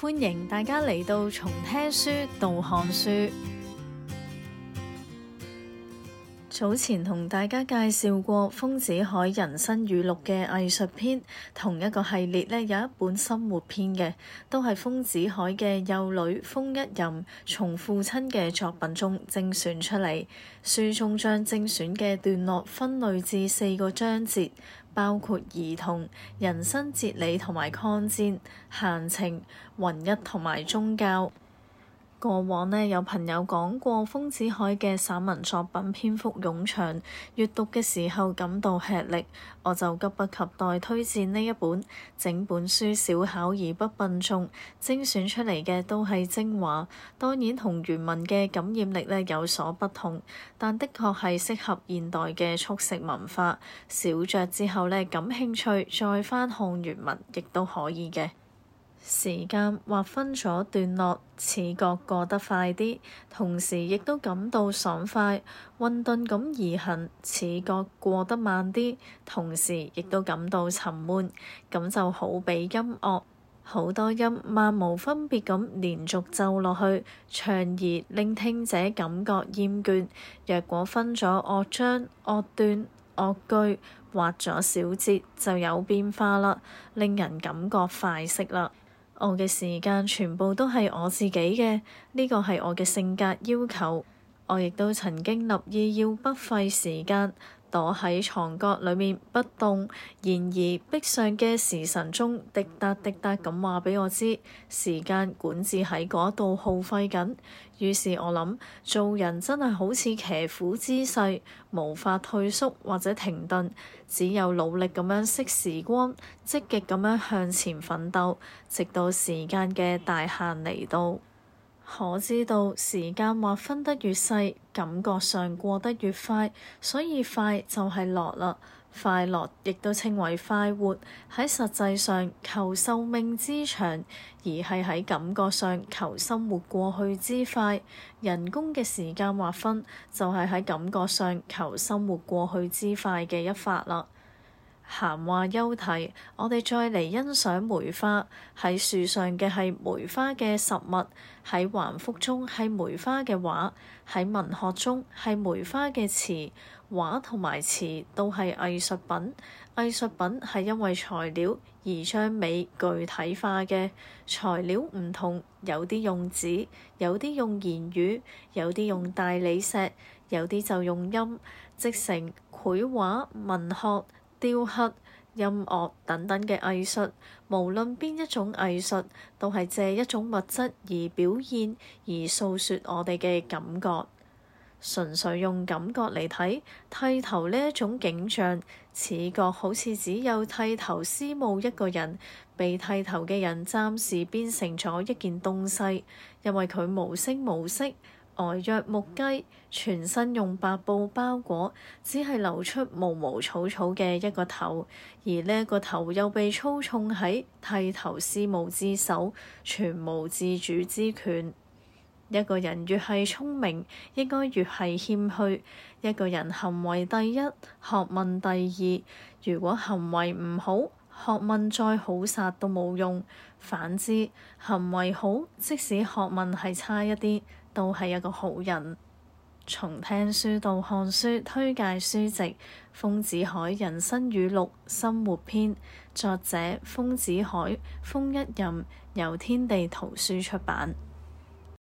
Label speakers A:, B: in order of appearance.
A: 歡迎大家嚟到，從聽書到看書。早前同大家介紹過豐子愷人生語錄嘅藝術篇，同一個系列咧，有一本生活篇嘅，都係豐子愷嘅幼女豐一吟從父親嘅作品中精選出嚟。書中將精選嘅段落分類至四個章節，包括兒童、人生哲理同埋抗戰、閒情、云一同埋宗教。過往呢，有朋友講過豐子愷嘅散文作品篇幅冗長，閱讀嘅時候感到吃力，我就急不及待推薦呢一本。整本書小巧而不笨重，精選出嚟嘅都係精華，當然同原文嘅感染力呢有所不同，但的確係適合現代嘅速食文化。小酌之後呢，感興趣，再翻看原文亦都可以嘅。時間劃分咗段落，似覺過得快啲，同時亦都感到爽快；混沌咁移行，似覺過得慢啲，同時亦都感到沉悶。咁就好比音樂好多音漫無分別咁連續奏落去，長而令聽者感覺厭倦。若果分咗樂章、樂段、樂句，劃咗小節，就有變化啦，令人感覺快適啦。我嘅時間全部都係我自己嘅，呢個係我嘅性格要求。我亦都曾經立意要不費時間。躲喺床角裏面不動，然而壁上嘅時辰鐘滴答滴答咁話俾我知時間管治喺嗰度耗費緊。於是我，我諗做人真係好似騎虎之勢，無法退縮或者停頓，只有努力咁樣惜時光，積極咁樣向前奮鬥，直到時間嘅大限嚟到。可知道時間劃分得越細，感覺上過得越快，所以快就係樂啦。快樂亦都稱為快活。喺實際上求壽命之長，而係喺感覺上求生活過去之快。人工嘅時間劃分就係喺感覺上求生活過去之快嘅一法啦。閒話休題，我哋再嚟欣賞梅花。喺樹上嘅係梅花嘅實物，喺橫幅中係梅花嘅畫，喺文學中係梅花嘅詞。畫同埋詞都係藝術品。藝術品係因為材料而將美具體化嘅。材料唔同，有啲用紙，有啲用言語，有啲用大理石，有啲就用音，即成繪畫文學、雕刻、音樂等等嘅藝術，無論邊一種藝術，都係借一種物質而表現而訴說我哋嘅感覺。純粹用感覺嚟睇剃頭呢一種景象，視覺好似只有剃頭司務一個人，被剃頭嘅人暫時變成咗一件東西，因為佢無聲無息。呆若木雞，全身用白布包裹，只係露出毛毛草草嘅一個頭。而呢個頭又被操縱喺剃頭司務之手，全無自主之權。一個人越係聰明，應該越係謙虛。一個人行為第一，學問第二。如果行為唔好，學問再好，殺都冇用。反之，行為好，即使學問係差一啲。都係一個好人。從聽書到看書，推介書籍《豐子愷人生語錄生活篇》，作者豐子愷，豐一任，由天地圖書出版。